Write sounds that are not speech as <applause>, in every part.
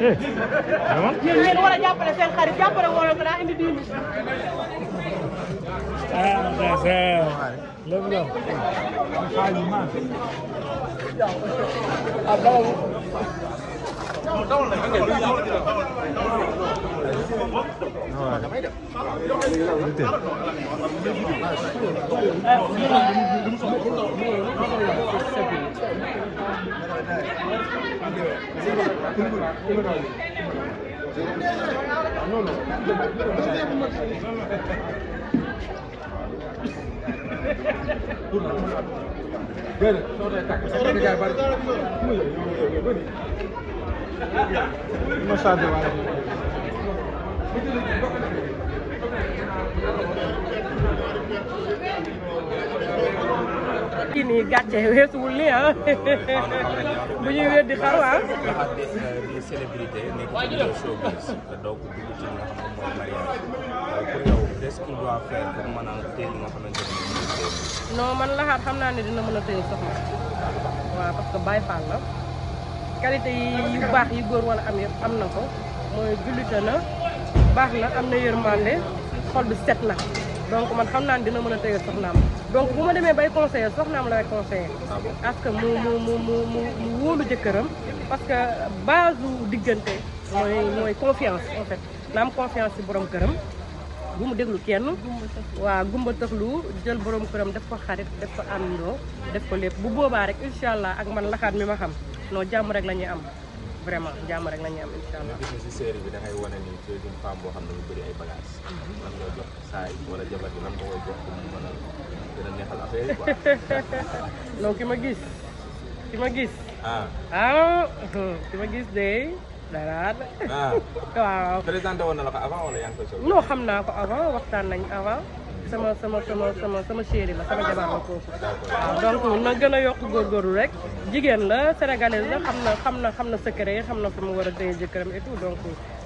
eh vraiment. yéen ngeen war a jàppale seen xarit jàppale woo la ko daa indi diim. ah c' est lépp loo xam ne maa ngi. Masada var. kii nii gàcce weesuwul li nga xam ne mooy ce qu'il doit faire pour mën a man laxaat xam naa ni dina mën a téye soxna waaw parce que Baye Fall la yi yu baax yi góor wala am yëpp am na ko mooy jullite na baax na am na yërmande xol bi set na. donc man xam naa ne dina mën a téye soxnaam donc bu ma demee bay conseiller soxnaam la lay conseiller ah parce que mu mu mu wóolu jëkkëram parce que base diggante mooy mooy confiance en fait na am confiance ci borom këram bu mu déglu kenn waa gumba tëxlu jël borom këram def ko xarit def ko àndoo def ko lépp bu boobaa rek incha allah ak man laxaat mi ma xam non jàmm rek la ñuy am vraiment jàmm rek nañu am incha allah. gis bi da ngay wane ni c'est une boo xam ne ñu bëri ay bagages. lan wala jabar a gën a neexal affaire yi quoi. <laughs> ki ma gis ki ma gis. ah, ah ki ma gis de. dara ah. <laughs> waaw. na la ko avant wala yaa xam naa ko avant waxtaan nañ avant. sama sama sama sama sama chéri la sama jabar la kooku donc na gën a yokk góorgóorlu jigéen la sénégalaise la xam na xam na xam na secret xam na fi mu war a dee jëkkëram et tout donc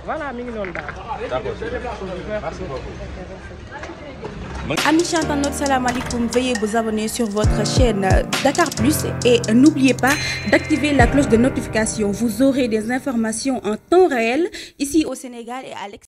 voilà mi ngi noonu daal. d'accord merci beaucoup. Amis chanteurs, salam alaikum. Veuillez vous abonner et n'oubliez pas d'activer la cloche de notification. Vous aurez des informations en temps réel ici au Sénégal et à l'extérieur.